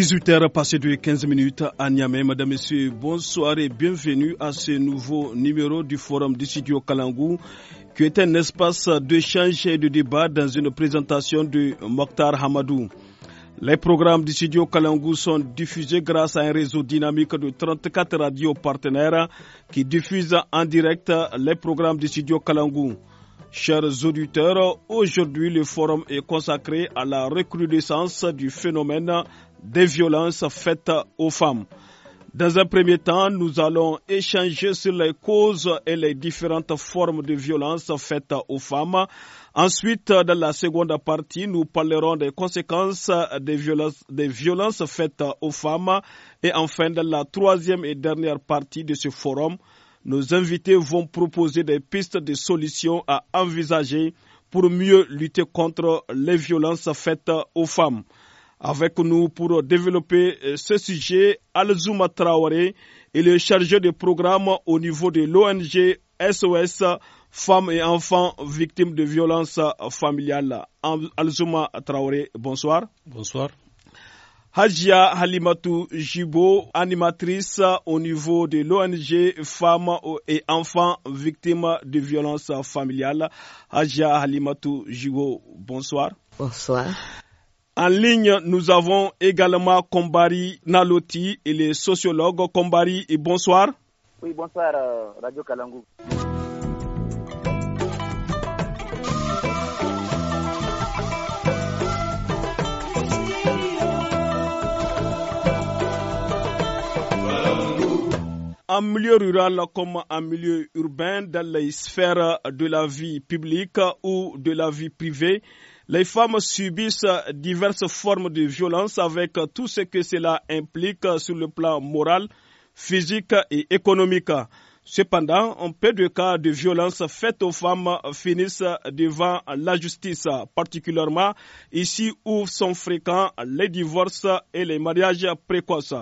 18h passé de 15 minutes à Niamey. Madame, Messieurs, bonsoir et bienvenue à ce nouveau numéro du Forum du studio Kalangou, qui est un espace d'échange et de débat dans une présentation de Mokhtar Hamadou. Les programmes du studio Kalangou sont diffusés grâce à un réseau dynamique de 34 radios partenaires qui diffusent en direct les programmes du studio Kalangou. Chers auditeurs, aujourd'hui le forum est consacré à la recrudescence du phénomène des violences faites aux femmes. Dans un premier temps, nous allons échanger sur les causes et les différentes formes de violences faites aux femmes. Ensuite, dans la seconde partie, nous parlerons des conséquences des violences, des violences faites aux femmes. Et enfin, dans la troisième et dernière partie de ce forum, nos invités vont proposer des pistes de solutions à envisager pour mieux lutter contre les violences faites aux femmes. Avec nous pour développer euh, ce sujet, Alzuma Traoré, il est chargé de programme au niveau de l'ONG SOS Femmes et Enfants Victimes de Violences Familiales. Alzouma Traoré, bonsoir. Bonsoir. Hajia Halimatu Jibo, animatrice au niveau de l'ONG Femmes et Enfants Victimes de Violences Familiales. Hajia Halimatu Jibo, bonsoir. Bonsoir. En ligne, nous avons également Kombari Naloti, il est sociologue. Kombari, et bonsoir. Oui, bonsoir, euh, Radio Kalangou. en milieu rural comme en milieu urbain, dans les sphères de la vie publique ou de la vie privée, les femmes subissent diverses formes de violence avec tout ce que cela implique sur le plan moral, physique et économique. Cependant, un peu de cas de violence faites aux femmes finissent devant la justice, particulièrement ici où sont fréquents les divorces et les mariages précoces.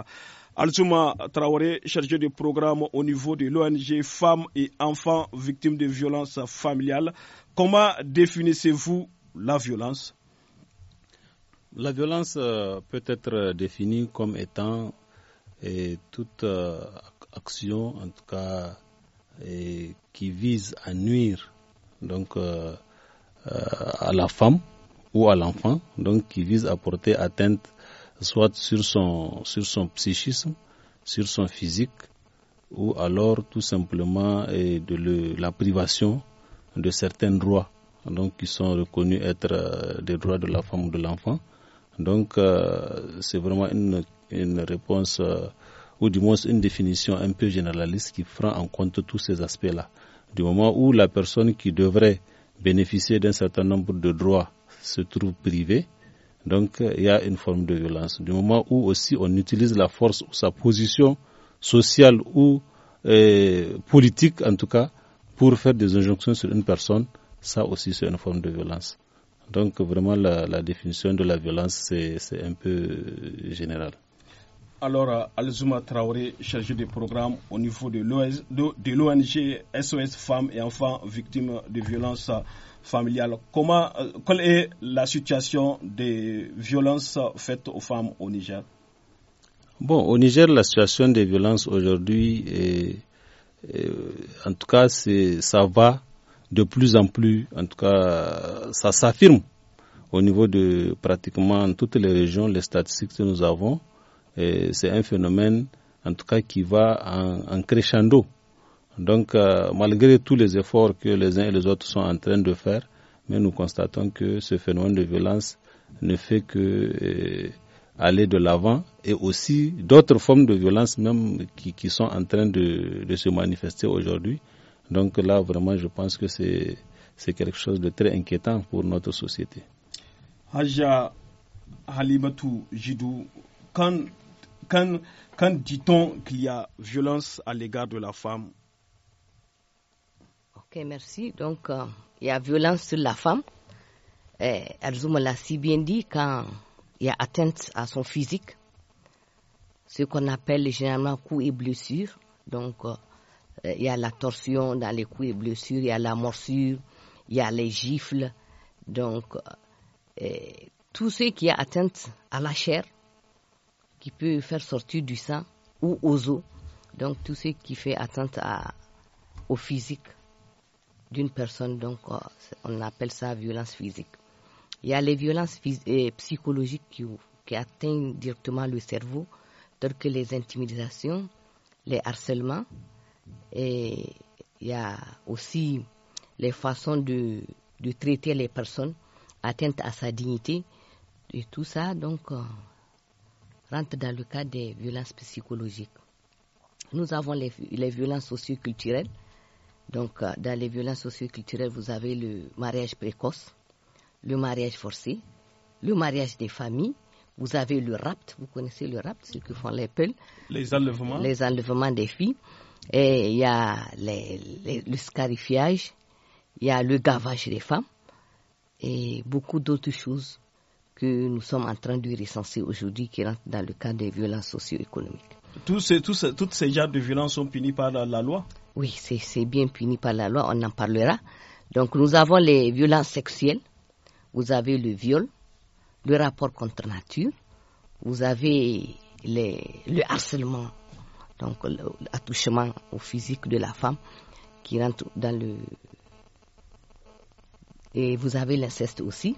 Alzuma Traoré, chargé de programme au niveau de l'ONG Femmes et Enfants Victimes de Violences Familiales, comment définissez-vous la violence. La violence euh, peut être définie comme étant toute euh, action, en tout cas, qui vise à nuire donc euh, à la femme ou à l'enfant, donc qui vise à porter atteinte soit sur son sur son psychisme, sur son physique, ou alors tout simplement de la privation de certains droits donc qui sont reconnus être euh, des droits de la femme ou de l'enfant. Donc euh, c'est vraiment une, une réponse euh, ou du moins une définition un peu généraliste qui prend en compte tous ces aspects-là. Du moment où la personne qui devrait bénéficier d'un certain nombre de droits se trouve privée, donc il y a une forme de violence. Du moment où aussi on utilise la force ou sa position sociale ou politique en tout cas pour faire des injonctions sur une personne, ça aussi c'est une forme de violence. Donc vraiment la, définition de la violence c'est un peu euh, général. Alors euh, Alzuma Traoré, chargé des programmes au niveau de l'ONG SOS Femmes et Enfants Victimes de Violences Familiales, comment, euh, quelle est la situation des violences faites aux femmes au Niger Bon, au Niger, la situation des violences aujourd'hui, en tout cas, ça va de plus en plus, en tout cas, ça s'affirme au niveau de pratiquement toutes les régions, les statistiques que nous avons. C'est un phénomène, en tout cas, qui va en, crescendo. Donc, euh, malgré tous les efforts que les uns et les autres sont en train de faire, mais nous constatons que ce phénomène de violence ne fait que euh, aller de l'avant et aussi d'autres formes de violence même qui, sont en train de se manifester aujourd'hui. Donc là, vraiment, je pense que c'est quelque chose de très inquiétant pour notre société. Haja Halimatou Jidou, quand, dit-on qu'il y a violence à l'égard de la femme Ok, merci. Donc, euh, il y a violence sur la femme. Eh, Elle l'a si bien dit, quand il y a atteinte à son physique, ce qu'on appelle généralement coups et blessures. Donc, euh, euh, il y a la torsion dans les couilles, et blessures, il y a la morsure, il y a les gifles. Donc, euh, tout ce qui est atteinte à la chair, qui peut faire sortir du sang ou aux os, donc tout ce qui fait atteinte au physique d'une personne, donc euh, on appelle ça violence physique. Il y a les violences psychologiques qui, qui atteignent directement le cerveau, telles que les intimidations, les harcèlements, et il y a aussi les façons de, de, traiter les personnes, atteintes à sa dignité, et tout ça donc euh, rentre dans le cadre des violences psychologiques. Nous avons les, les violences socioculturelles. Donc, euh, dans les violences socioculturelles, vous avez le mariage précoce, le mariage forcé, le mariage des familles, vous avez le rapt, vous connaissez le rapt, ce que font les peuls. Les enlèvements. Les enlèvements des filles. Et il y a le scarifiage, il y a le gavage des femmes et beaucoup d'autres choses que nous sommes en train de recenser aujourd'hui qui rentrent dans le cadre des violences socio-économiques. toutes ces genres de violences sont punies par la, loi Oui, c'est bien puni par la loi, on en parlera. Donc nous avons les violences sexuelles, vous avez le viol, le rapport contre nature, vous avez les, le harcèlement donc l'attouchement au physique de la femme qui rentre dans le. Et vous avez l'inceste aussi,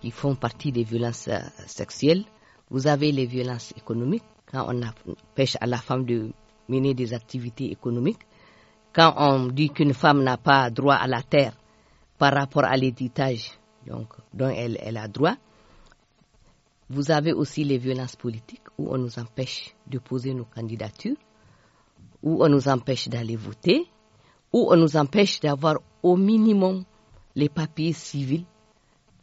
qui font partie des violences euh, sexuelles. Vous avez les violences économiques, quand on empêche à la femme de mener des activités économiques. Quand on dit qu'une femme n'a pas droit à la terre par rapport à l'héritage dont elle, elle a droit, vous avez aussi les violences politiques où on nous empêche de poser nos candidatures, où on nous empêche d'aller voter, où on nous empêche d'avoir au minimum les papiers civils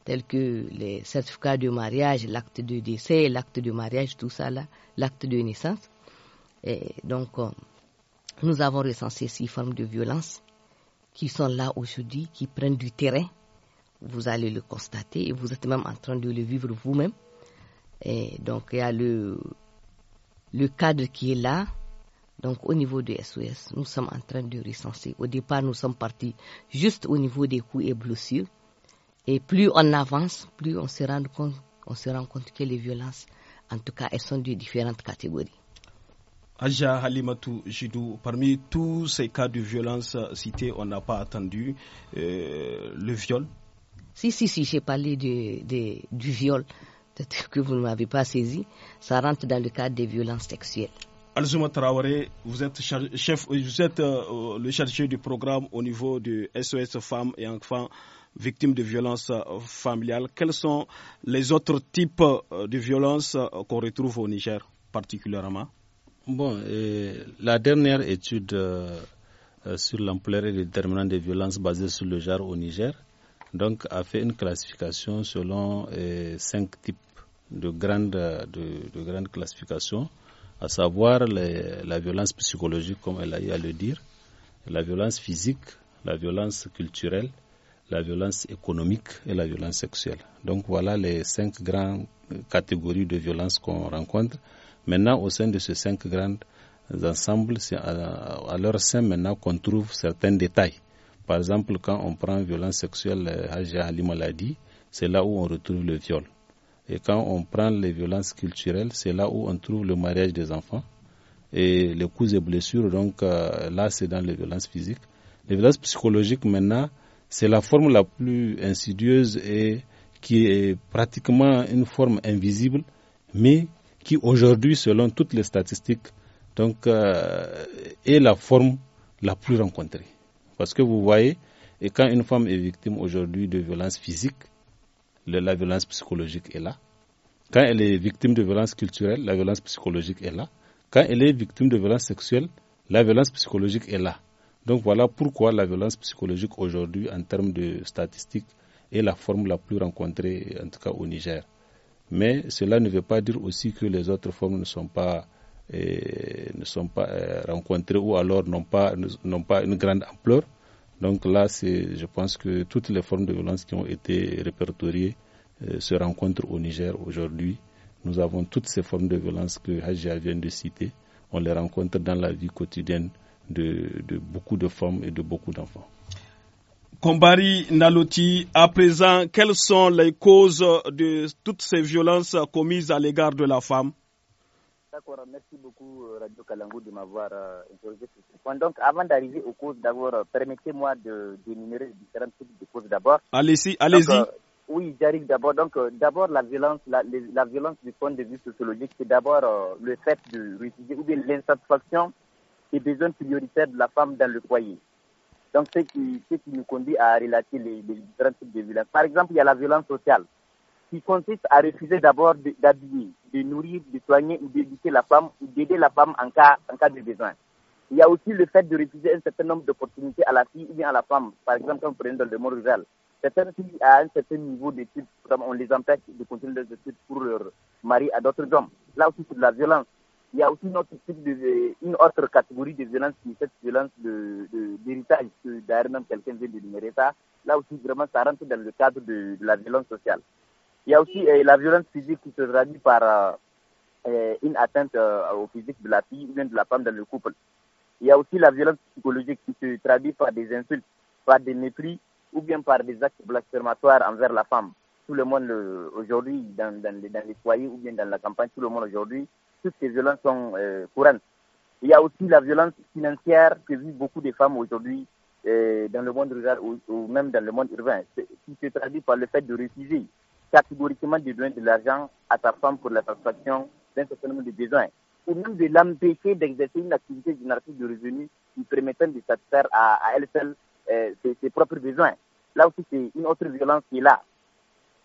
tels que les certificats de mariage, l'acte de décès, l'acte de mariage, tout ça là, l'acte de naissance. Et donc, euh, nous avons recensé six formes de violences qui sont là aujourd'hui, qui prennent du terrain. Vous allez le constater et vous êtes même en train de le vivre vous-même. Et donc il y a le, cadre qui est là. Donc au niveau de SOS, nous sommes en train de recenser. Au départ, nous sommes partis juste au niveau des coups et blessures. Et plus on avance, plus on se rend compte, on se rend compte que les violences, en tout cas, elles sont de différentes catégories. Aja Halimatu Jidou, parmi tous ces cas de violence cités, on n'a pas attendu euh, le viol. Si, si, si, j'ai parlé du viol que vous ne m'avez pas saisi, ça rentre dans le cadre des violences sexuelles. Alzuma Traoré, vous êtes, chef, euh, vous êtes euh, euh, le chargé du programme au niveau du SOS Femmes et Enfants victimes de violences familiales. Quels sont les autres types de violences qu'on retrouve au Niger particulièrement Bon, la dernière étude sur l'ampleur et les déterminants des violences basées sur le genre au Niger donc, a fait une classification selon cinq types de grandes, de, classifications, à savoir la violence psychologique, comme elle a eu à le dire, la violence physique, la violence culturelle, la violence économique et la violence sexuelle. Donc voilà les cinq grandes catégories de violences qu'on rencontre. Maintenant, au sein de ces cinq grandes ensembles, c'est à, leur sein maintenant qu'on trouve certains détails. Par exemple, quand on prend violence sexuelle, Haja euh, Ali Maladi, c'est là où on retrouve le viol. Et quand on prend les violences culturelles, c'est là où on trouve le mariage des enfants et les coups et blessures. Donc euh, là, c'est dans les violences physiques. Les violences psychologiques, maintenant, c'est la forme la plus insidieuse et qui est pratiquement une forme invisible, mais qui aujourd'hui, selon toutes les statistiques, donc, euh, est la forme la plus rencontrée. Parce que vous voyez, et quand une femme est victime aujourd'hui de violences physiques, la violence psychologique est là. Quand elle est victime de violence culturelle, la violence psychologique est là. Quand elle est victime de violence sexuelle, la violence psychologique est là. Donc voilà pourquoi la violence psychologique aujourd'hui, en termes de statistiques, est la forme la plus rencontrée, en tout cas au Niger. Mais cela ne veut pas dire aussi que les autres formes ne sont pas, euh, ne sont pas euh, rencontrées ou alors n'ont pas, pas une grande ampleur. Donc là, je pense que toutes les formes de violence qui ont été répertoriées euh, se rencontrent au Niger aujourd'hui. Nous avons toutes ces formes de violence que Hajia vient de citer. On les rencontre dans la vie quotidienne de, beaucoup de femmes et de beaucoup d'enfants. Kombari Naloti, à présent, quelles sont les causes de toutes ces violences commises à l'égard de la femme merci beaucoup euh, Radio Kalangou de m'avoir euh, interrogé sur ce point. Donc, avant d'arriver aux causes, d'abord, euh, permettez-moi de d'énumérer différents types de causes d'abord. Allez-y, allez-y. oui, j'arrive d'abord. Donc, d'abord, la violence, la, violence du point de vue sociologique, c'est d'abord le fait de ou bien l'insatisfaction des besoins prioritaires de la femme dans le foyer. Donc, ce qui, ce qui nous conduit à relater les, les différents types de violences. Par exemple, il y a la violence sociale qui consiste à refuser d'abord d'habiller, de nourrir, de soigner ou d'éduquer la femme ou d'aider la femme en cas, en cas de besoin. Il y a aussi le fait de refuser un certain nombre d'opportunités à la fille ou bien à la femme. Par exemple, quand vous prenez dans le monde rural, certaines filles à un certain niveau d'études, on les empêche de continuer leurs études pour leur mari à d'autres hommes. Là aussi, c'est de la violence. Il y a aussi une autre, type de, une autre catégorie de violence, qui est cette violence d'héritage, de, que d'ailleurs même quelqu'un vient d'énumérer ça. Là aussi, vraiment, ça rentre dans le cadre de la violence sociale. Il y a aussi euh, la violence physique qui se traduit par euh, euh, une atteinte au physique de la fille ou bien de la femme dans le couple. Il y a aussi la violence psychologique qui se traduit par des insultes, par des mépris ou bien par des actes blasphématoires envers la femme. Tout le monde aujourd'hui, dans, les foyers ou bien dans la campagne, tout le monde aujourd'hui, toutes ces violences sont courantes. Il y a aussi la violence financière que vivent beaucoup de femmes aujourd'hui dans le monde rural ou, ou, même dans le monde urbain, qui se traduit par le fait de refuser catégoriquement de donner de l'argent à sa femme pour la satisfaction d'un certain nombre de besoins, ou même de l'empêcher d'exercer une activité générative de revenus lui permettant de satisfaire à, elle seule euh, ses, propres besoins. Là aussi, c'est une autre violence qui est là.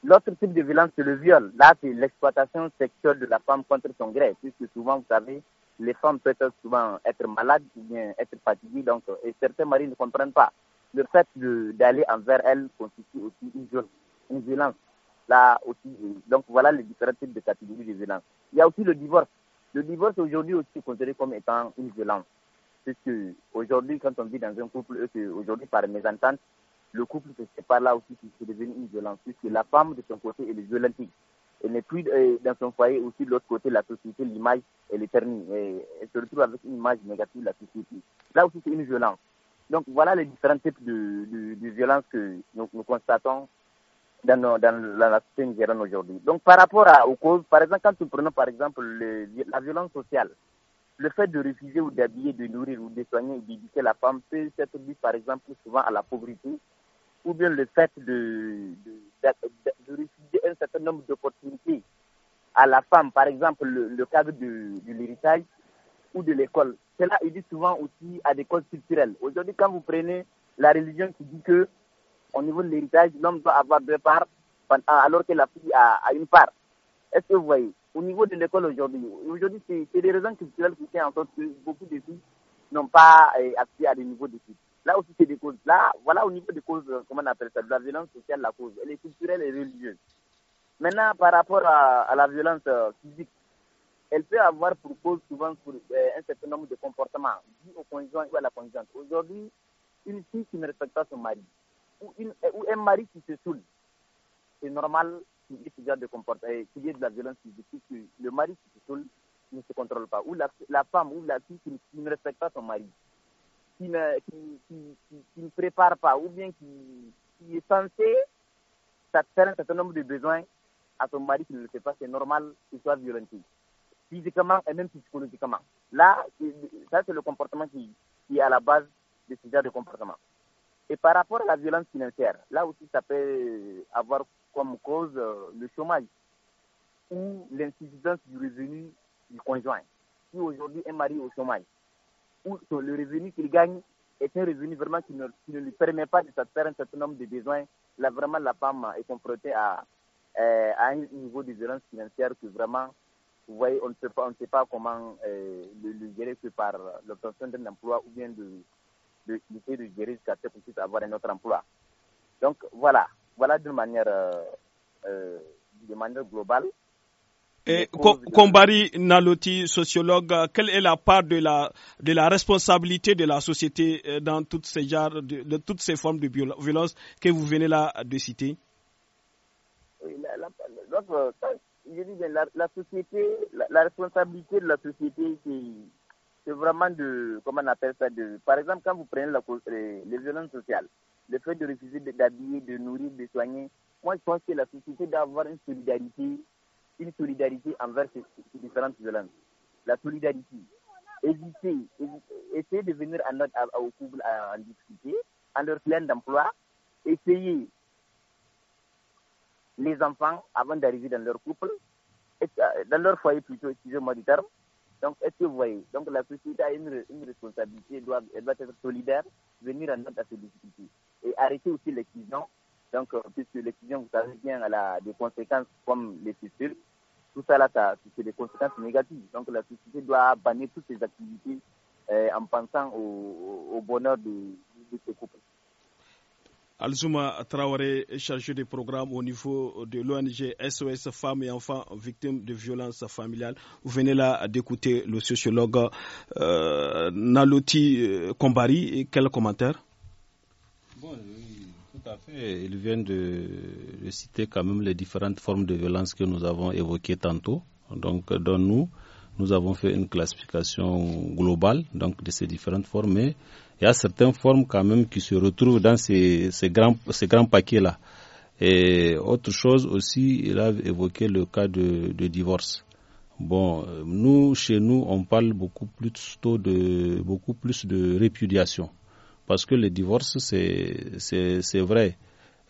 L'autre type de violence, c'est le viol. Là, c'est l'exploitation sexuelle de la femme contre son gré, puisque souvent, vous savez, les femmes peuvent souvent être malades ou bien être fatiguées, donc, et certains maris ne comprennent pas. Le fait d'aller envers elles constitue aussi Une violence là aussi. Donc voilà les différents types de catégories de violence Il y a aussi le divorce. Le divorce aujourd'hui aussi est considéré comme étant une violence. Puisque aujourd'hui, quand on vit dans un couple, aujourd'hui par mésentente, le couple se sépare là aussi, se devenu une violence. Puisque la femme de son côté, elle est violente Elle n'est plus euh, dans son foyer, aussi de l'autre côté, la société, l'image, elle est ternie. Et elle se retrouve avec une image négative de la société. Là aussi, c'est une violence. Donc voilà les différents types de, de, violences que nous, nous constatons dans, la société aujourd'hui. Donc par rapport à, aux causes, par exemple, quand nous prenons par exemple la violence sociale, le fait de refuser ou d'habiller, de nourrir ou de soigner ou d'éduquer la femme peut être dû par exemple souvent à la pauvreté ou bien le fait de, refuser un certain nombre d'opportunités à la femme, par exemple le, cadre de, l'héritage ou de l'école. Cela est dû souvent aussi à des causes culturelles. Aujourd'hui, quand vous prenez la religion qui dit que au niveau de l'héritage, l'homme doit avoir deux parts, alors que la fille a, une part. Est-ce que vous voyez Au niveau de l'école aujourd'hui, aujourd'hui, c'est des raisons culturelles qui font en sorte que beaucoup de filles n'ont pas eh, accès à des niveaux d'études. Là aussi, c'est des causes. Là, voilà au niveau des causes, euh, comment on appelle ça, de la violence sociale, la cause. Elle est culturelle et religieuse. Maintenant, par rapport à, la violence euh, physique, elle peut avoir pour cause souvent eh, un certain nombre de comportements dus au conjoint ou à la conjointe. Aujourd'hui, une fille qui ne respecte pas son mari, ou, un mari qui se saoule, c'est normal qu'il y ait de comportement, de la violence physique, le mari qui se saoule ne se contrôle pas, ou la, femme ou la fille qui, ne respecte pas son mari, qui ne, prépare pas, ou bien qui, est censée satisfaire un certain nombre de besoins à son mari qui ne le fait pas, c'est normal qu'il soit violenté, physiquement et même psychologiquement. Là, ça c'est le comportement qui, qui est à la base de ce genre de comportement. Et par rapport à la violence financière, là aussi, ça peut avoir comme cause euh, le chômage ou l'insuffisance du revenu du conjoint. Si aujourd'hui un mari est au chômage, ou le revenu qu'il gagne est un revenu vraiment qui ne, lui permet pas de satisfaire un certain nombre de besoins, là vraiment la femme est confrontée à, euh, un niveau de violence financière que vraiment, vous voyez, on ne sait pas, on sait pas comment euh, le gérer que par l'obtention d'un emploi ou bien de, de quitter du gérer jusqu'à ce qu'on puisse avoir un autre emploi. Donc voilà, voilà d'une manière, euh, de manière globale. Et Kombari Naloti, sociologue, quelle est la part de la, de la responsabilité de la société dans toutes ces genres, de, toutes ces formes de violence que vous venez là de citer oui, la, la, société, la, responsabilité de la société, c'est c'est vraiment de, comment on appelle ça, de, par exemple, quand vous prenez la, euh, les, violences sociales, le fait de refuser d'habiller, de nourrir, de soigner, moi je pense que la société doit avoir une solidarité, une solidarité envers ces, différentes violences. La solidarité. Éviter, essayer de venir en à au couple en difficulté, en leur plein d'emploi, essayer les enfants avant d'arriver dans leur couple, euh, dans leur foyer plutôt, excusez-moi du terme, donc, est-ce que vous voyez Donc, la société a une, responsabilité, elle doit, être solidaire, venir en aide à ces difficultés. Et arrêter aussi l'exclusion, donc, euh, puisque l'exclusion, vous savez bien, elle a des conséquences comme les fistules. Tout ça, là, c'est des conséquences négatives. Donc, la société doit bannir toutes ses activités euh, en pensant au, bonheur de, de, de ses couples. Alzuma Traoré, chargé des programmes au niveau de l'ONG SOS Femmes et Enfants Victimes de Violences Familiales. Vous venez là d'écouter le sociologue euh, Naloti euh, Kombari. quel commentaire bon, oui, tout à fait. Il vient de, citer quand même les différentes formes de violence que nous avons évoquées tantôt. Donc, dans nous, nous avons fait une classification globale donc de ces différentes formes, mais il y a certaines formes quand même qui se retrouvent dans ces, ces grands, ces grands paquets-là. Et autre chose aussi, il a évoqué le cas de, de divorce. Bon, nous, chez nous, on parle beaucoup plus tôt de, beaucoup plus de répudiation. Parce que le divorce, c'est vrai.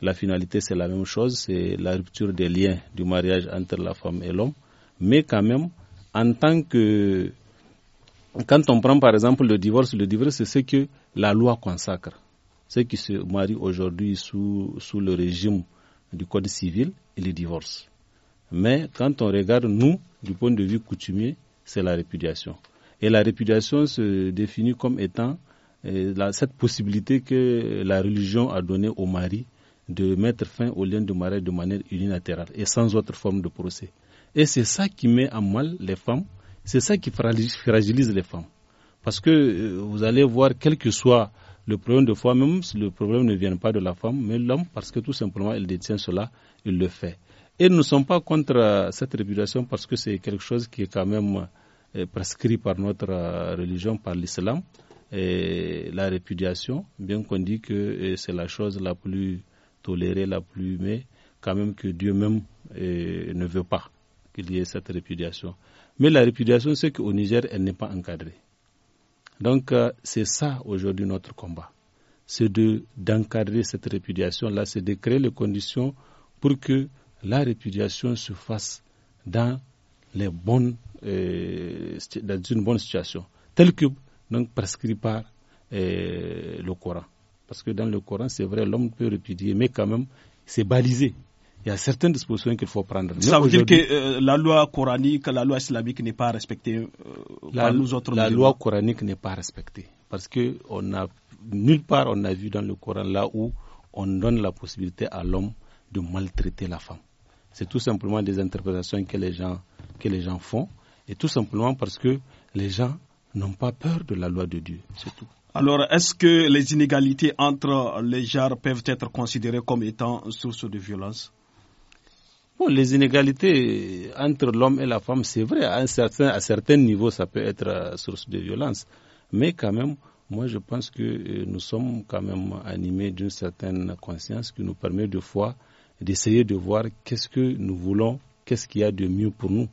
La finalité, c'est la même chose, c'est la rupture des liens du mariage entre la femme et l'homme. Mais quand même, en tant que. Quand on prend par exemple le divorce, le divorce, c'est ce que la loi consacre. Ceux qui se marient aujourd'hui sous, sous le régime du Code civil, ils divorcent. Mais quand on regarde, nous, du point de vue coutumier, c'est la répudiation. Et la répudiation se définit comme étant euh, cette possibilité que la religion a donnée au mari de mettre fin au lien de mariage de manière unilatérale et sans autre forme de procès. Et c'est ça qui met à mal les femmes, c'est ça qui fragilise les femmes. Parce que euh, vous allez voir, quel que soit le problème de foi, même si le problème ne vient pas de la femme, mais l'homme, parce que tout simplement, il détient cela, il le fait. Et nous ne sommes pas contre euh, cette répudiation, parce que c'est quelque chose qui est quand même euh, prescrit par notre religion, par l'islam, et la répudiation, bien qu'on dit que c'est la chose la plus tolérée, la plus mais quand même que Dieu même ne veut pas qu'il y ait cette répudiation. Mais la répudiation, c'est qu'au Niger, elle n'est pas encadrée. Donc, euh, c'est ça aujourd'hui notre combat. C'est d'encadrer cette répudiation-là, c'est de créer les conditions pour que la répudiation se fasse dans, les bonnes, euh, dans une bonne situation, telle que donc, prescrit par euh, le Coran. Parce que dans le Coran, c'est vrai, l'homme peut répudier, mais quand même, c'est balisé il y a certaines dispositions qu'il faut prendre. Ça veut dire que euh, la loi coranique, la loi islamique n'est pas respectée euh, par nous autres. La loi coranique n'est pas respectée parce que on a nulle part on a vu dans le Coran là où on donne la possibilité à l'homme de maltraiter la femme. C'est tout simplement des interprétations que les gens que les gens font et tout simplement parce que les gens n'ont pas peur de la loi de Dieu, c'est tout. Alors, est-ce que les inégalités entre les genres peuvent être considérées comme étant source de violence Bon, les inégalités entre l'homme et la femme, c'est vrai, à, un certain, à certains niveaux, ça peut être euh, source de violence. Mais quand même, moi, je pense que euh, nous sommes quand même animés d'une certaine conscience qui nous permet de fois d'essayer de voir qu'est-ce que nous voulons, qu'est-ce qu'il y a de mieux pour nous.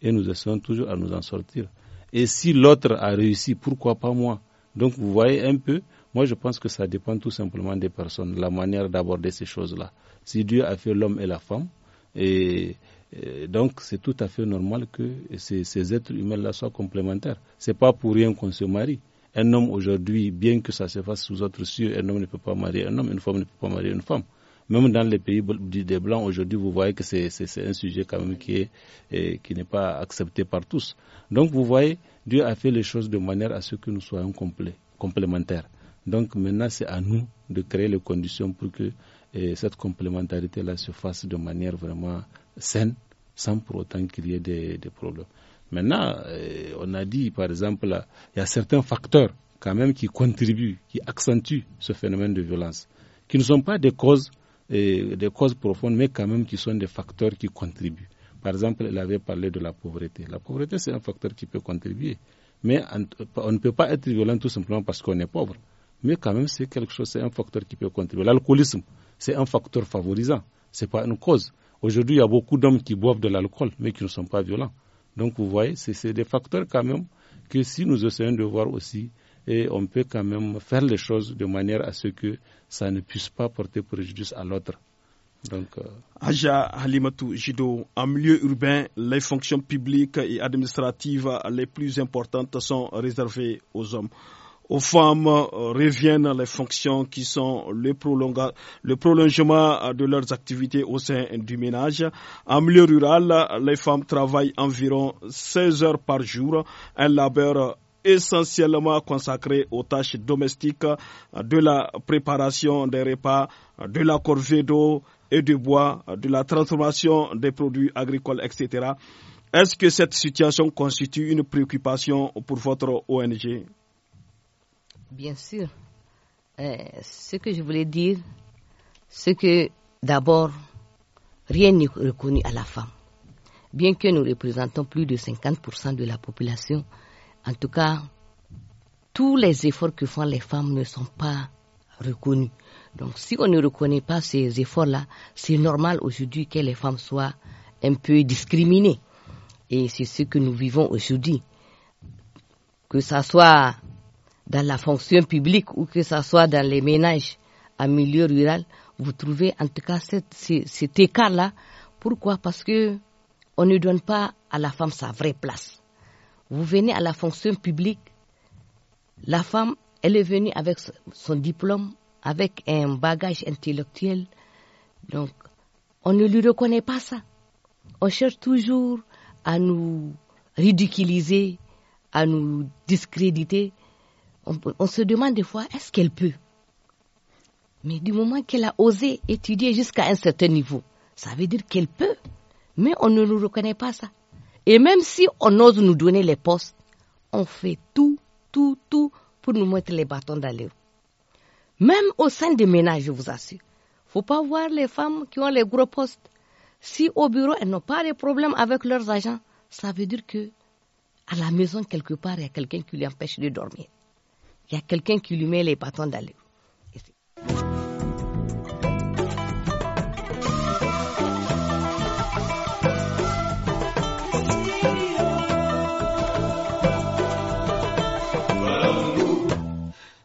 Et nous essayons toujours à nous en sortir. Et si l'autre a réussi, pourquoi pas moi Donc, vous voyez un peu, moi, je pense que ça dépend tout simplement des personnes, la manière d'aborder ces choses-là. Si Dieu a fait l'homme et la femme, et, euh, donc, c'est tout à fait normal que ces, êtres humains-là soient complémentaires. C'est pas pour rien qu'on se marie. Un homme aujourd'hui, bien que ça se fasse sous autres cieux, un homme ne peut pas marier un homme, une femme ne peut pas marier une femme. Même dans les pays des Blancs, aujourd'hui, vous voyez que c'est un sujet quand même qui n'est pas accepté par tous. Donc, vous voyez, Dieu a fait les choses de manière à ce que nous soyons complémentaires. Donc, maintenant, c'est à nous de créer les conditions pour que et cette complémentarité-là se fasse de manière vraiment saine, sans pour autant qu'il y ait des, problèmes. Maintenant, euh, on a dit, par exemple, il y a certains facteurs quand même qui contribuent, qui accentuent ce phénomène de violence, qui ne sont pas des causes, des causes profondes, mais quand même qui sont des facteurs qui contribuent. Par exemple, il avait parlé de la pauvreté. La pauvreté, c'est un facteur qui peut contribuer. Mais on ne peut pas être violent tout simplement parce qu'on est pauvre. Mais quand même, c'est quelque chose, c'est un facteur qui peut contribuer. L'alcoolisme, c'est un facteur favorisant, ce n'est pas une cause. Aujourd'hui, il y a beaucoup d'hommes qui boivent de l'alcool, mais qui ne sont pas violents. Donc, vous voyez, c'est des facteurs quand même que si nous essayons de voir aussi, et on peut quand même faire les choses de manière à ce que ça ne puisse pas porter préjudice à l'autre. Donc, euh, Aja Halimatou Jido, en milieu urbain, les fonctions publiques et administratives les plus importantes sont réservées aux hommes aux femmes euh, reviennent les fonctions qui sont le, le prolongement euh, de leurs activités au sein du ménage. En milieu rural, les femmes travaillent environ 16 heures par jour, un labeur essentiellement consacré aux tâches domestiques, euh, de la préparation des repas, de la corvée d'eau et de bois, de la transformation des produits agricoles, etc. Est-ce que cette situation constitue une préoccupation pour votre ONG Bien sûr. Euh, ce que je voulais dire, c'est que d'abord, rien n'est reconnu à la femme. Bien que nous représentons plus de 50% de la population, en tout cas, tous les efforts que font les femmes ne sont pas reconnus. Donc si on ne reconnaît pas ces efforts-là, c'est normal aujourd'hui que les femmes soient un peu discriminées. Et c'est ce que nous vivons aujourd'hui. Que ça soit dans la fonction publique ou que ce soit dans les ménages en milieu rural, vous trouvez en tout cas cet, cet écart-là. Pourquoi Parce que on ne donne pas à la femme sa vraie place. Vous venez à la fonction publique, la femme, elle est venue avec son diplôme, avec un bagage intellectuel. Donc, on ne lui reconnaît pas ça. On cherche toujours à nous ridiculiser, à nous discréditer on, se demande des fois, est-ce qu'elle peut Mais du moment qu'elle a osé étudier jusqu'à un certain niveau, ça veut dire qu'elle peut. Mais on ne nous reconnaît pas ça. Et même si on ose nous donner les postes, on fait tout, tout, tout pour nous mettre les bâtons dans Même au sein des ménages, je vous assure. Faut pas voir les femmes qui ont les gros postes. Si au bureau, elles n'ont pas de problème avec leurs agents, ça veut dire que à la maison, quelque part, il y a quelqu'un qui lui empêche de dormir il y a quelqu'un qui lui met les bâtons dans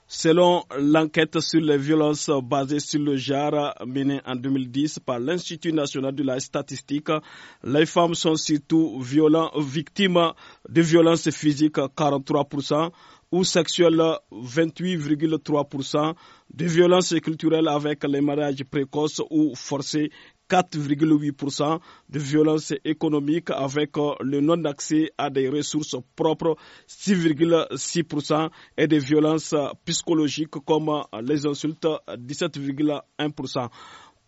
Selon l'enquête sur les violences basées sur le genre menée en 2010 par l'Institut national de la statistique, les femmes sont surtout victimes de violences physiques 43%, ou sexuelle 28,3%, de violences culturelles avec les mariages précoces ou forcés 4,8%, de violences économiques avec euh, le non-accès à des ressources propres 6,6% et des violences euh, psychologiques comme euh, les insultes 17,1%.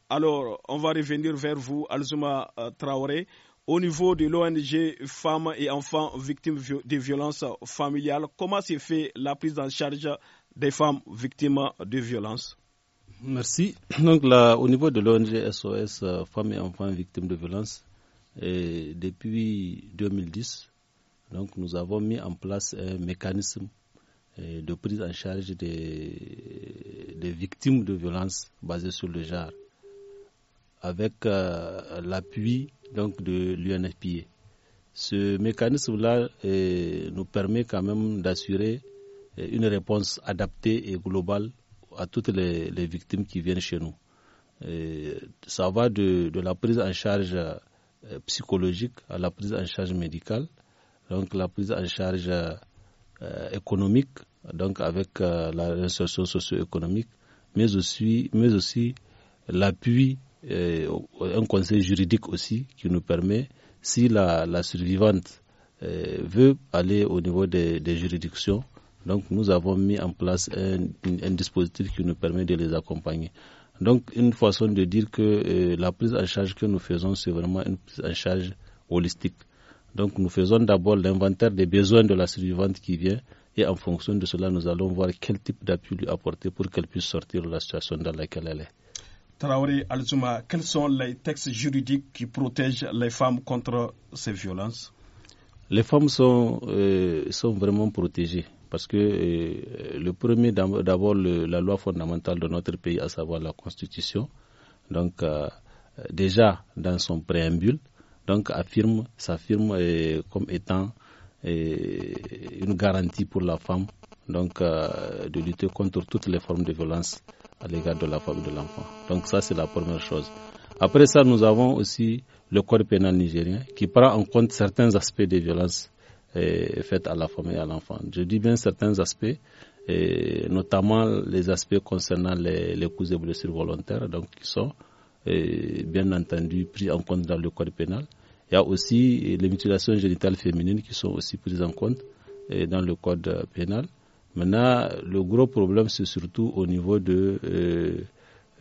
Alors, on va revenir vers vous, Alzuma Traoré au niveau de l'ONG Femmes et Enfants Victimes de Violences Familiales, comment s'est fait la prise en charge des femmes victimes de violences Merci. Donc là, au niveau de l'ONG SOS euh, Femmes et Enfants Victimes de Violences, depuis 2010, donc nous avons mis en place un mécanisme euh, de prise en charge des, des victimes de violences basées sur le genre avec euh, l'appui donc de l'UNFPA. Ce mécanisme-là euh, nous permet quand même d'assurer euh, une réponse adaptée et globale à toutes les, victimes qui viennent chez nous. ça va de, la prise en charge psychologique à la prise en charge médicale, donc la prise en charge économique, donc avec la réinsertion socio-économique, mais aussi, mais aussi l'appui euh, un conseil juridique aussi qui nous permet, si la, survivante euh, veut aller au niveau des, juridictions, donc nous avons mis en place un, un, dispositif qui nous permet de les accompagner. Donc une façon de dire que euh, la prise en charge que nous faisons, c'est vraiment une prise en charge holistique. Donc nous faisons d'abord l'inventaire des besoins de la survivante qui vient et en fonction de cela, nous allons voir quel type d'appui lui apporter pour qu'elle puisse sortir de la situation dans laquelle elle est. Traoré Alzuma, quels sont les textes juridiques qui protègent les femmes contre ces violences Les femmes sont, euh, sont vraiment protégées parce que euh, le premier, d'abord, la loi fondamentale de notre pays, à savoir la Constitution, donc euh, déjà dans son préambule, donc affirme, s'affirme comme étant une garantie pour la femme, donc de lutter contre toutes les formes de violence à l'égard de la femme et de l'enfant. Donc ça, c'est la première chose. Après ça, nous avons aussi le code pénal nigérien qui prend en compte certains aspects des violences eh, faites à la femme et à l'enfant. Je dis bien certains aspects, eh, notamment les aspects concernant les, les coups et blessures volontaires, donc qui sont eh, bien entendu pris en compte dans le code pénal. Il y a aussi les mutilations génitales féminines qui sont aussi prises en compte dans le code pénal. Maintenant, le gros problème, c'est surtout au niveau de, euh,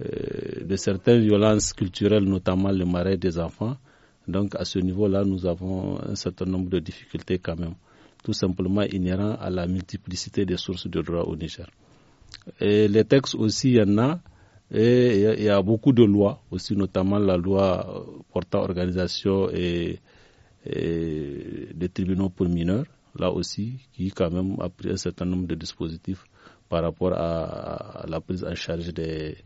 euh, de certaines violences culturelles, notamment le marais des enfants. Donc, à ce niveau-là, nous avons un certain nombre de difficultés quand même, tout simplement inhérent à la multiplicité des sources de droit au Niger. Et les textes aussi, il y en a, et il y a beaucoup de lois aussi, notamment la loi euh, portant organisation et, et des tribunaux pour mineurs là aussi, qui quand même a pris un certain nombre de dispositifs par rapport à, la prise en charge des,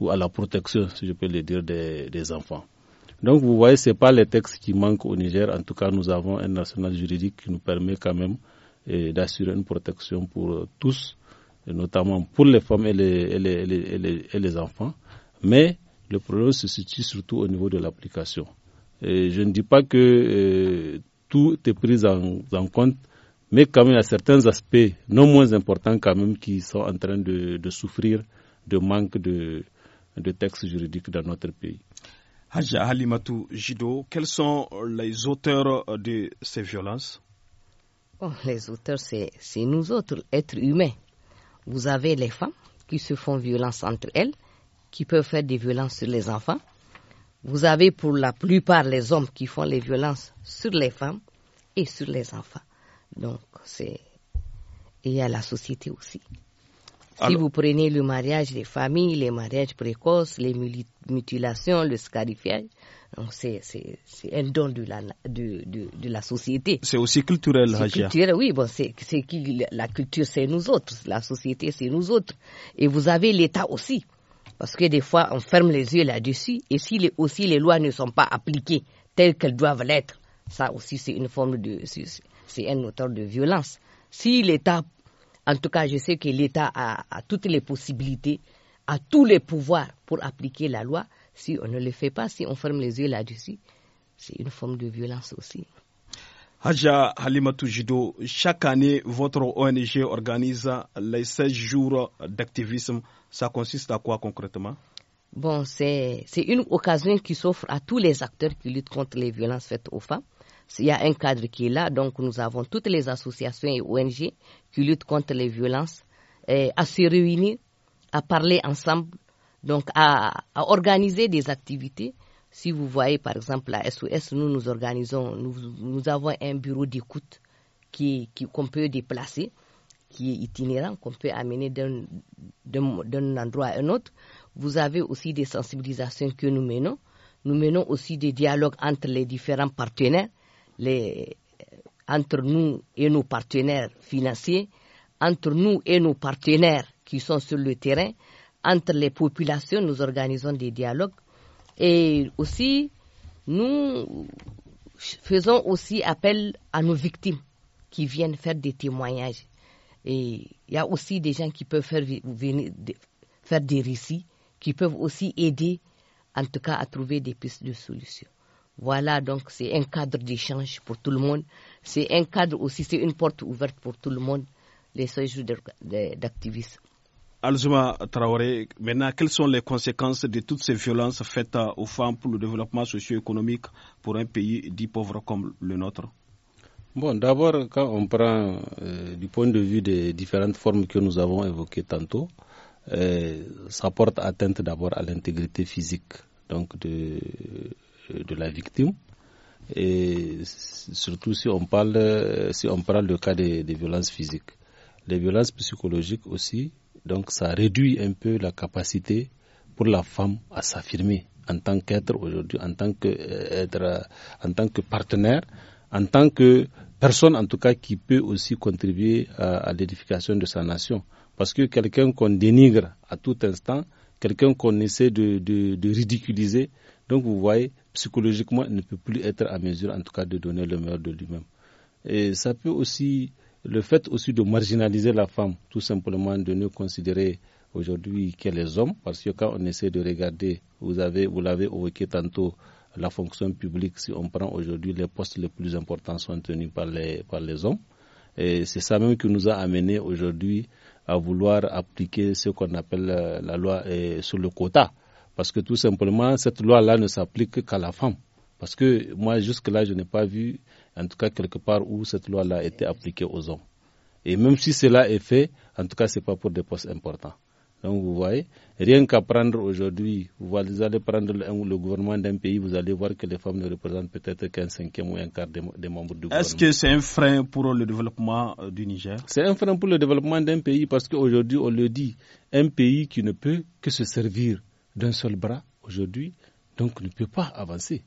ou à la protection, si je peux le dire, des, enfants. Donc vous voyez, ce n'est pas les textes qui manquent au Niger. En tout cas, nous avons un national juridique qui nous permet quand même eh, d'assurer une protection pour tous, notamment pour les femmes et les, enfants. Mais le problème se situe surtout au niveau de l'application. je ne dis pas que eh, tout est pris en compte mais quand même, il y a certains aspects non moins importants quand même qui sont en train de, souffrir de manque de, textes juridiques dans notre pays. Haja Halimatou Jido, quels sont les auteurs de ces violences Les auteurs, c'est nous autres, êtres humains. Vous avez les femmes qui se font violence entre elles, qui peuvent faire des violences sur les enfants. Vous avez pour la plupart les hommes qui font les violences sur les femmes et sur les enfants. Donc, c'est. Et à la société aussi. Si vous prenez le mariage des familles, les mariages précoces, les mutilations, le scarifiage, c'est un don de la, de, de, la société. C'est aussi culturel, Hajia. Culturel, oui, bon, la culture, c'est nous autres. La société, c'est nous autres. Et vous avez l'État aussi. Parce que des fois, on ferme les yeux là-dessus. Et si aussi les lois ne sont pas appliquées telles qu'elles doivent l'être, ça aussi, c'est une forme de c'est un auteur de violence. Si l'État, en tout cas, je sais que l'État a, toutes les possibilités, a tous les pouvoirs pour appliquer la loi, si on ne le fait pas, si on ferme les yeux là-dessus, c'est une forme de violence aussi. Haja Halimatou Jido, chaque année, votre ONG organise les 16 jours d'activisme. Ça consiste à quoi concrètement Bon, c'est une occasion qui s'offre à tous les acteurs qui luttent contre les violences faites aux femmes il y a un cadre qui est là, donc nous avons toutes les associations et ONG qui luttent contre les violences à se réunir, à parler ensemble, donc à, organiser des activités. Si vous voyez par exemple la SOS, nous nous organisons, nous, avons un bureau d'écoute qui, qu'on peut déplacer, qui est itinérant, qu'on peut amener d'un endroit à un autre. Vous avez aussi des sensibilisations que nous menons. Nous menons aussi des dialogues entre les différents partenaires les, entre nous et nos partenaires financiers, entre nous et nos partenaires qui sont sur le terrain, entre les populations, nous organisons des dialogues. Et aussi, nous faisons aussi appel à nos victimes qui viennent faire des témoignages. Et il y a aussi des gens qui peuvent faire, venir, faire des récits, qui peuvent aussi aider, en tout cas, à trouver des pistes de solutions. Voilà, donc c'est un cadre d'échange pour tout le monde. C'est un cadre aussi, c'est une porte ouverte pour tout le monde, les séjours d'activistes. Alzuma Traoré, maintenant, quelles sont les conséquences de toutes ces violences faites euh, aux femmes pour le développement socio-économique pour un pays dit pauvre comme le nôtre Bon, d'abord, quand on prend euh, du point de vue des différentes formes que nous avons évoquées tantôt, euh, ça porte atteinte d'abord à l'intégrité physique donc de, euh, de la victime. Et surtout si on parle, euh, si on parle le cas des, violences physiques. Les violences psychologiques aussi, donc ça réduit un peu la capacité pour la femme à s'affirmer en tant qu'être aujourd'hui, en tant que euh, être, en tant que partenaire, en tant que personne en tout cas qui peut aussi contribuer à, l'édification de sa nation. Parce que quelqu'un qu'on dénigre à tout instant, quelqu'un qu'on essaie de, ridiculiser, donc vous voyez, psychologiquement, il ne peut plus être à mesure, en tout cas, de donner le meilleur de lui-même. Et ça peut aussi, le fait aussi de marginaliser la femme, tout simplement de ne considérer aujourd'hui que les hommes, parce que quand on essaie de regarder, vous avez, vous l'avez évoqué tantôt, la fonction publique, si on prend aujourd'hui les postes les plus importants sont tenus par les, par les hommes. Et c'est ça même qui nous a amené aujourd'hui à vouloir appliquer ce qu'on appelle euh, la loi euh, sur le quota. Parce que tout simplement, cette loi-là ne s'applique qu'à la femme. Parce que moi, jusque-là, je n'ai pas vu, en tout cas, quelque part où cette loi-là était appliquée aux hommes. Et même si cela est fait, en tout cas, ce n'est pas pour des postes importants. Donc, vous voyez, rien qu'à prendre aujourd'hui, vous allez prendre le, gouvernement d'un pays, vous allez voir que les femmes ne représentent peut-être qu'un cinquième ou un quart des, des membres du gouvernement. Est-ce que c'est un frein pour le développement euh, du Niger C'est un frein pour le développement d'un pays parce qu'aujourd'hui, on le dit, un pays qui ne peut que se servir d'un seul bras aujourd'hui, donc ne peut pas avancer.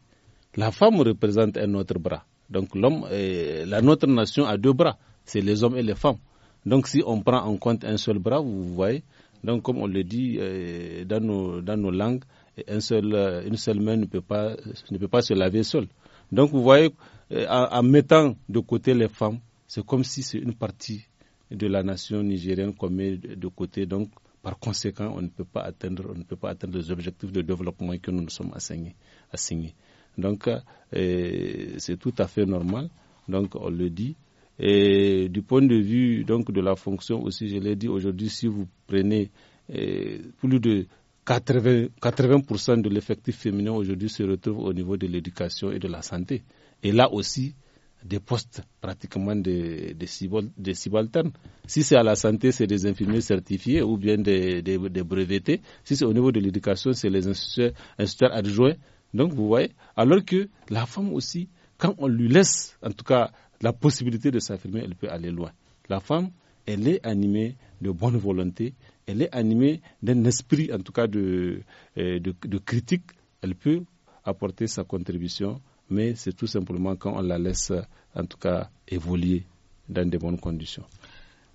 La femme représente un autre bras. Donc l'homme, la notre nation a deux bras, c'est les hommes et les femmes. Donc si on prend en compte un seul bras, vous voyez, donc comme on le dit euh, dans nos, dans nos langues, un seul, euh, une seule main ne peut pas, ne peut pas se laver seule. Donc vous voyez, euh, en, en mettant de côté les femmes, c'est comme si c'est une partie de la nation nigérienne qu'on met de côté. Donc par conséquent, on ne peut pas atteindre, on ne peut pas atteindre les objectifs de développement que nous nous sommes assignés. Donc, euh, c'est tout à fait normal. Donc, on le dit. Et du point de vue donc, de la fonction aussi, je l'ai dit aujourd'hui, si vous prenez euh, plus de 80%, 80 de l'effectif féminin aujourd'hui se retrouve au niveau de l'éducation et de la santé. Et là aussi, des postes pratiquement de, de, subalternes. Si c'est à la santé, c'est des infirmiers certifiés ou bien des, des, brevetés. Si c'est au niveau de l'éducation, c'est les instituteurs, adjoints. Donc vous voyez, alors que la femme aussi, quand on lui laisse en tout cas la possibilité de s'affirmer, elle peut aller loin. La femme, elle est animée de bonne volonté, elle est animée d'un esprit en tout cas de, euh, de critique. Elle peut apporter sa contribution mais c'est tout simplement quand on la laisse, euh, en tout cas, évoluer dans de bonnes conditions.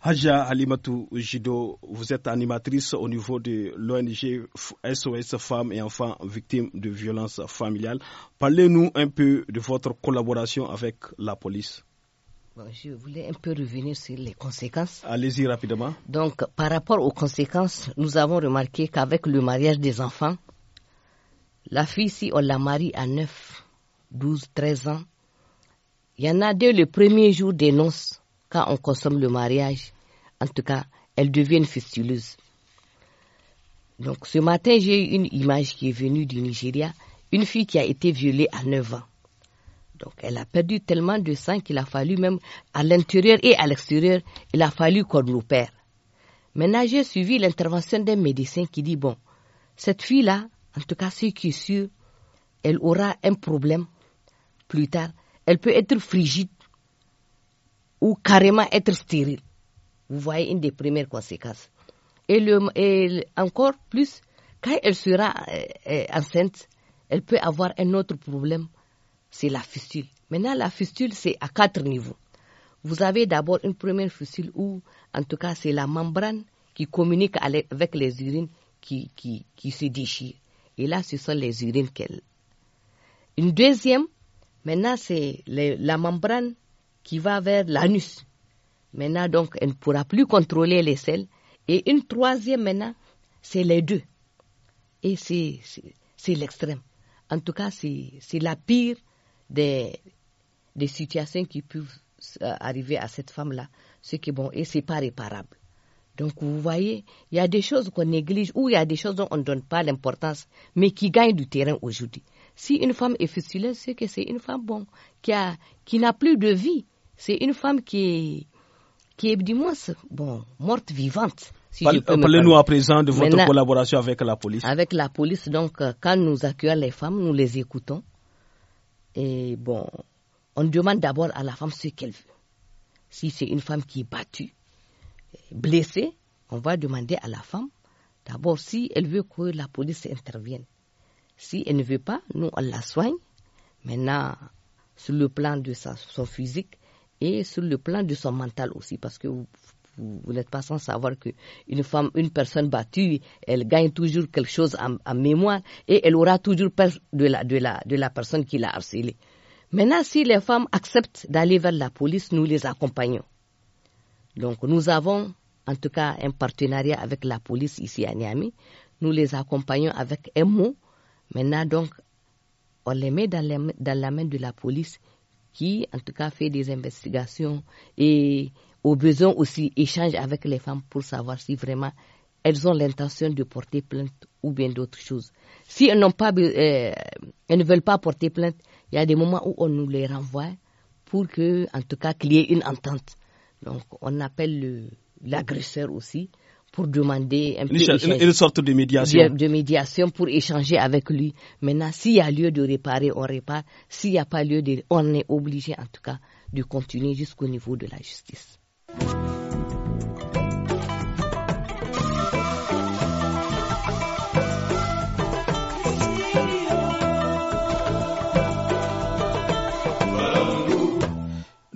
Haja Alimatou Jido, vous êtes animatrice au niveau de l'ONG SOS Femmes et Enfants Victimes de Violences Familiales. Parlez-nous un peu de votre collaboration avec la police. je voulais un peu revenir sur les conséquences. Allez-y rapidement. Donc, par rapport aux conséquences, nous avons remarqué qu'avec le mariage des enfants, la fille, si on la marie à neuf, 12, 13 ans. Il y en a deux, le premier jour des noces, quand on consomme le mariage. En tout cas, elles deviennent fistuleuses. Donc ce matin, j'ai eu une image qui est venue du Nigeria, une fille qui a été violée à 9 ans. Donc elle a perdu tellement de sang qu'il a fallu même à l'intérieur et à l'extérieur, il a fallu qu'on l'opère. Maintenant, j'ai suivi l'intervention d'un médecin qui dit, bon, cette fille-là, en tout cas ce qui est sûr, elle aura un problème plus tard, elle peut être frigide ou carrément être stérile. Vous voyez une des premières conséquences. Et, le, encore plus, quand elle sera euh, euh, enceinte, elle peut avoir un autre problème, c'est la fistule. Maintenant, la fistule, c'est à quatre niveaux. Vous avez d'abord une première fistule où, en tout cas, c'est la membrane qui communique avec les urines qui, qui, qui se déchire. Et là, ce sont les urines qu'elle. Une deuxième, Maintenant, c'est la membrane qui va vers l'anus. Maintenant, donc, elle ne pourra plus contrôler les selles. Et une troisième, maintenant, c'est les deux. Et c'est l'extrême. En tout cas, c'est la pire des, situations qui peuvent euh, arriver à cette femme-là. Ce qui est bon, et c'est pas réparable. Donc, vous voyez, il y a des choses qu'on néglige ou il y a des choses dont on ne donne pas l'importance, mais qui gagnent du terrain aujourd'hui. Si une femme est fusillée, c'est que c'est une femme bon, qui a qui n'a plus de vie. C'est une femme qui est, qui est du moins bon, morte vivante. Parlez-nous à présent de votre collaboration avec la police. Avec la police, donc, euh, quand nous accueillons les femmes, nous les écoutons. Et bon, on demande d'abord à la femme ce qu'elle veut. Si c'est une femme qui est battue, blessée, on va demander à la femme d'abord si elle veut que la police intervienne. Si elle ne veut pas, nous, on la soigne. Maintenant, sur le plan de sa, son physique et sur le plan de son mental aussi, parce que vous, n'êtes pas sans savoir qu'une femme, une personne battue, elle gagne toujours quelque chose en, mémoire et elle aura toujours peur de la, de la personne qui l'a harcelée. Maintenant, si les femmes acceptent d'aller vers la police, nous les accompagnons. Donc, nous avons en tout cas un partenariat avec la police ici à Niamey. Nous les accompagnons avec un mot Maintenant, donc, on les met dans, la main de la police qui, en tout cas, fait des investigations et au besoin aussi échange avec les femmes pour savoir si vraiment elles ont l'intention de porter plainte ou bien d'autres choses. Si elles, pas, euh, ne veulent pas porter plainte, il y a des moments où on nous les renvoie pour que, en tout cas, qu'il y ait une entente. Donc, on appelle l'agresseur aussi pour demander une, sorte de médiation. De, de, médiation pour échanger avec lui. Maintenant, s'il y a lieu de réparer, on répare. S'il n'y a pas lieu de, on est obligé en tout cas de continuer jusqu'au niveau de la justice.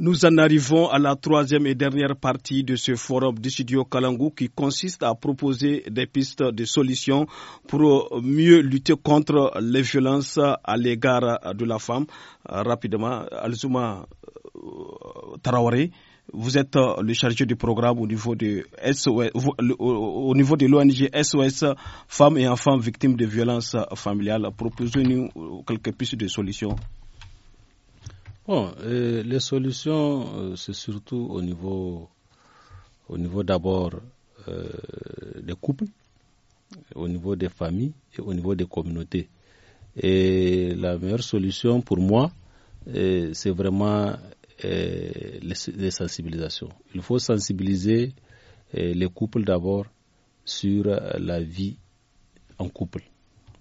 Nous en arrivons à la troisième et dernière partie de ce forum du studio Kalangou qui consiste à proposer des pistes de solutions pour mieux lutter contre les violences à l'égard de la femme. Euh, rapidement, Alzuma euh, Tarawari, vous êtes euh, le chargé du programme au au niveau de l'ONG SOS Femmes et Enfants Victimes de Violences Familiales. Proposez-nous quelques pistes de solutions Bon, les solutions, euh, c'est surtout au niveau, au niveau d'abord euh, des couples, au niveau des familles et au niveau des communautés. Et la meilleure solution pour moi, euh, c'est vraiment les, sensibilisations. Il faut sensibiliser les couples d'abord sur la vie en couple.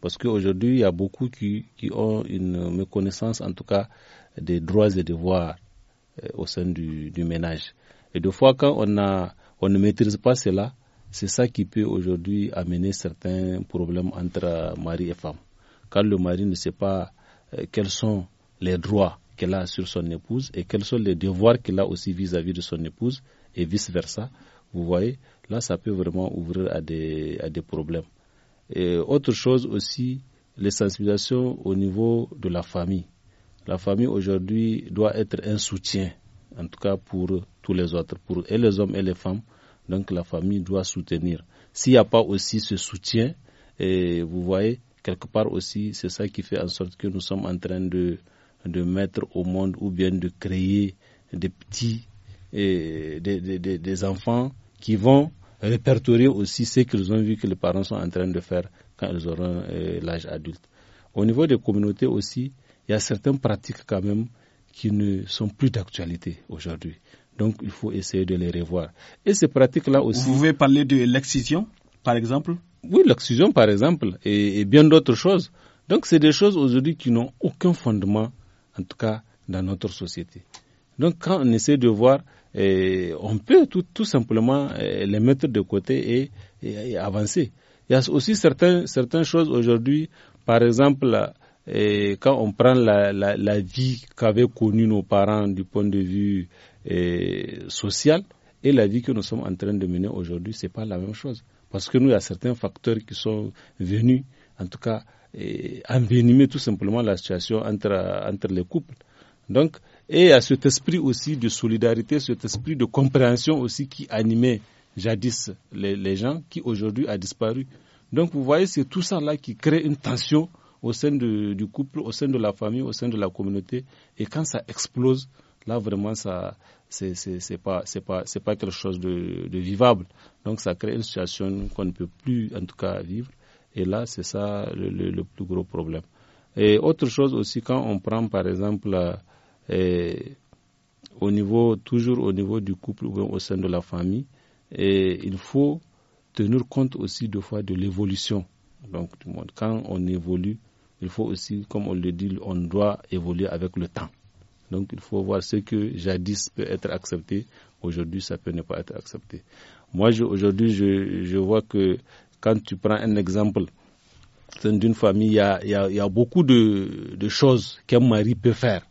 Parce qu'aujourd'hui, il y a beaucoup qui, ont une méconnaissance, en tout cas, des droits et devoirs euh, au sein du, ménage. Et des fois, quand on, a, on ne maîtrise pas cela, c'est ça qui peut aujourd'hui amener certains problèmes entre mari et femme. Quand le mari ne sait pas euh, quels sont les droits qu'elle a sur son épouse et quels sont les devoirs qu'il a aussi vis-à-vis de son épouse et vice-versa, vous voyez, là, ça peut vraiment ouvrir à des, à des problèmes autre chose aussi, les sensibilisations au niveau de la famille. La famille aujourd'hui doit être un soutien, en tout cas pour tous les autres, pour et les hommes et les femmes. Donc la famille doit soutenir. S'il n'y a pas aussi ce soutien, vous voyez, quelque part aussi, c'est ça qui fait en sorte que nous sommes en train de, de mettre au monde ou bien de créer des petits, des, des, des enfants qui vont répertorier aussi ce qu'ils ont vu que les parents sont en train de faire quand ils auront euh, l'âge adulte. Au niveau des communautés aussi, il y a certaines pratiques quand même qui ne sont plus d'actualité aujourd'hui. Donc il faut essayer de les revoir. Et ces pratiques-là aussi. Vous pouvez parler de l'excision, par exemple Oui, l'excision, par exemple, et, et bien d'autres choses. Donc c'est des choses aujourd'hui qui n'ont aucun fondement, en tout cas dans notre société. Donc quand on essaie de voir, eh, on peut tout, simplement eh, les mettre de côté et, avancer. Il y a aussi certaines choses aujourd'hui, par exemple, eh, quand on prend la, vie qu'avaient connue nos parents du point de vue social et la vie que nous sommes en train de mener aujourd'hui, ce n'est pas la même chose. Parce que nous, il y a certains facteurs qui sont venus, en tout cas, envenimer tout simplement la situation entre, entre les couples. Donc, et à cet esprit aussi de solidarité, cet esprit de compréhension aussi qui animait jadis les, gens, qui aujourd'hui a disparu. Donc vous voyez, c'est tout ça là qui crée une tension au sein du couple, au sein de la famille, au sein de la communauté. Et quand ça explose, là vraiment ça, c'est pas c'est pas c'est pas quelque chose de, vivable. Donc ça crée une situation qu'on ne peut plus en tout cas vivre. Et là c'est ça le, le, plus gros problème. Et autre chose aussi quand on prend par exemple et au niveau, toujours au niveau du couple ou au sein de la famille. Et il faut tenir compte aussi deux fois de l'évolution donc du monde. Quand on évolue, il faut aussi, comme on le dit, on doit évoluer avec le temps. Donc il faut voir ce que jadis peut être accepté, aujourd'hui ça peut ne pas être accepté. Moi aujourd'hui je, je, vois que quand tu prends un exemple d'une famille, il y, a, il, y a, il y a, beaucoup de, de choses qu'un mari peut faire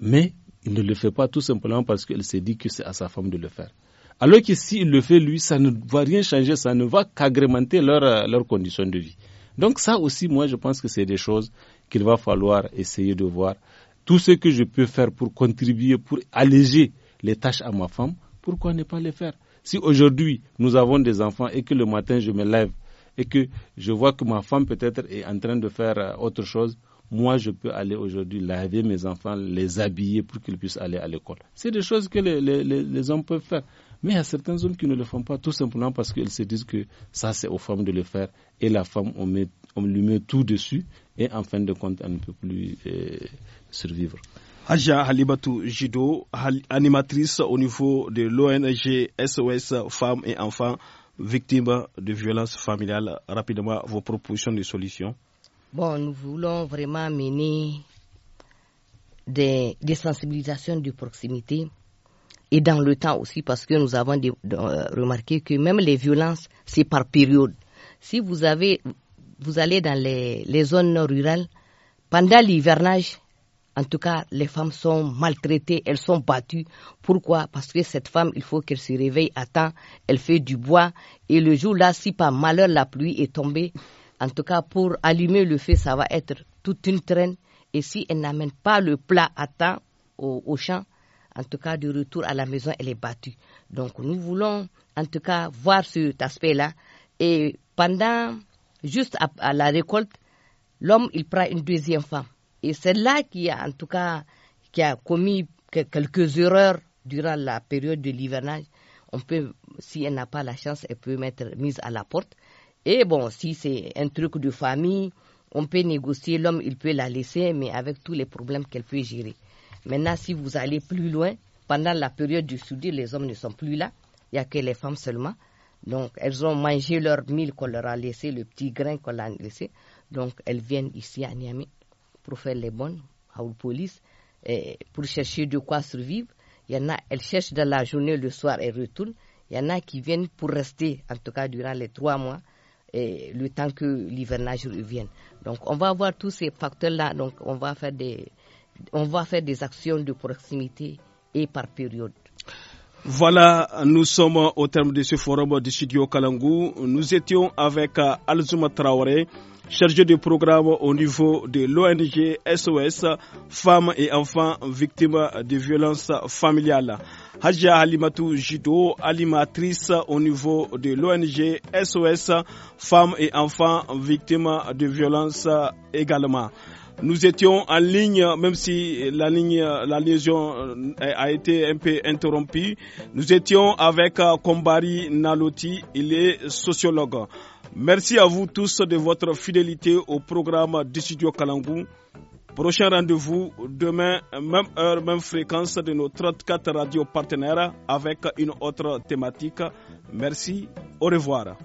mais il ne le fait pas tout simplement parce qu'il s'est dit que c'est à sa femme de le faire. Alors que s'il le fait lui, ça ne va rien changer, ça ne va qu'agrémenter leurs leur euh, conditions de vie. Donc ça aussi, moi, je pense que c'est des choses qu'il va falloir essayer de voir. Tout ce que je peux faire pour contribuer, pour alléger les tâches à ma femme, pourquoi ne pas les faire Si aujourd'hui, nous avons des enfants et que le matin, je me lève et que je vois que ma femme peut-être est en train de faire euh, autre chose, moi je peux aller aujourd'hui laver mes enfants, les habiller pour qu'ils puissent aller à l'école. C'est des choses que les, hommes peuvent faire. Mais il y a certains hommes qui ne le font pas tout simplement parce qu'ils se disent que ça c'est aux femmes de le faire et la femme on, lui met tout dessus et en fin de compte elle ne peut plus euh, survivre. Aja Halibatou Jido, animatrice au niveau de l'ONG SOS Femmes et Enfants victimes de violences familiales. Rapidement, vos propositions de solutions. Bon, nous voulons vraiment mener des, sensibilisations de proximité et dans le temps aussi parce que nous avons euh, remarqué que même les violences, c'est par période. Si vous, avez, vous allez dans les zones rurales, pendant l'hivernage, en tout cas, les femmes sont maltraitées, elles sont battues. Pourquoi Parce que cette femme, il faut qu'elle se réveille à temps, elle fait du bois, et le jour-là, si par malheur la pluie est tombée, en tout cas, pour allumer le feu, ça va être toute une traîne. Et si elle n'amène pas le plat à temps au, champ, en tout cas, de retour à la maison, elle est battue. Donc, nous voulons, en tout cas, voir cet aspect-là. Et pendant, juste à, la récolte, l'homme, il prend une deuxième femme. Et celle-là qui a, en tout cas, qui a commis quelques erreurs durant la période de l'hivernage, on peut, si elle n'a pas la chance, elle peut être mise à la porte. Et bon, si c'est un truc de famille, on peut négocier, l'homme, il peut la laisser, mais avec tous les problèmes qu'elle peut gérer. Maintenant, si vous allez plus loin, pendant la période du soudé, les hommes ne sont plus là, il n'y a que les femmes seulement. Donc, elles ont mangé leur mille qu'on leur a laissé, le petit grain qu'on leur a laissé. Donc, elles viennent ici à Niamey pour faire les bonnes, à police, pour chercher de quoi survivre. Il y en a, elles cherchent dans la journée, le soir, elles retournent. Il y en a qui viennent pour rester, en tout cas durant les trois mois le temps que l'hivernage revienne. Donc on va avoir tous ces facteurs-là, donc on va faire des, on des actions de proximité et par période. Voilà, nous sommes au terme de ce forum de studio Kalangou. Nous étions avec euh, Alzuma Traoré chargé de programme au niveau de l'ONG SOS Femmes et Enfants Victimes de Violences Familiales. Hadja Halimatou Jido, animatrice au niveau de l'ONG SOS Femmes et Enfants Victimes de Violences également. Nous étions en ligne, même si la ligne, la liaison euh, a été un peu interrompue. Nous étions avec euh, Kombari Naloti, il est sociologue. Merci à vous tous de votre fidélité au programme du studio Kalangou. Prochain rendez-vous demain, même heure, même fréquence de nos 34 radios partenaires avec une autre thématique. Merci, au revoir.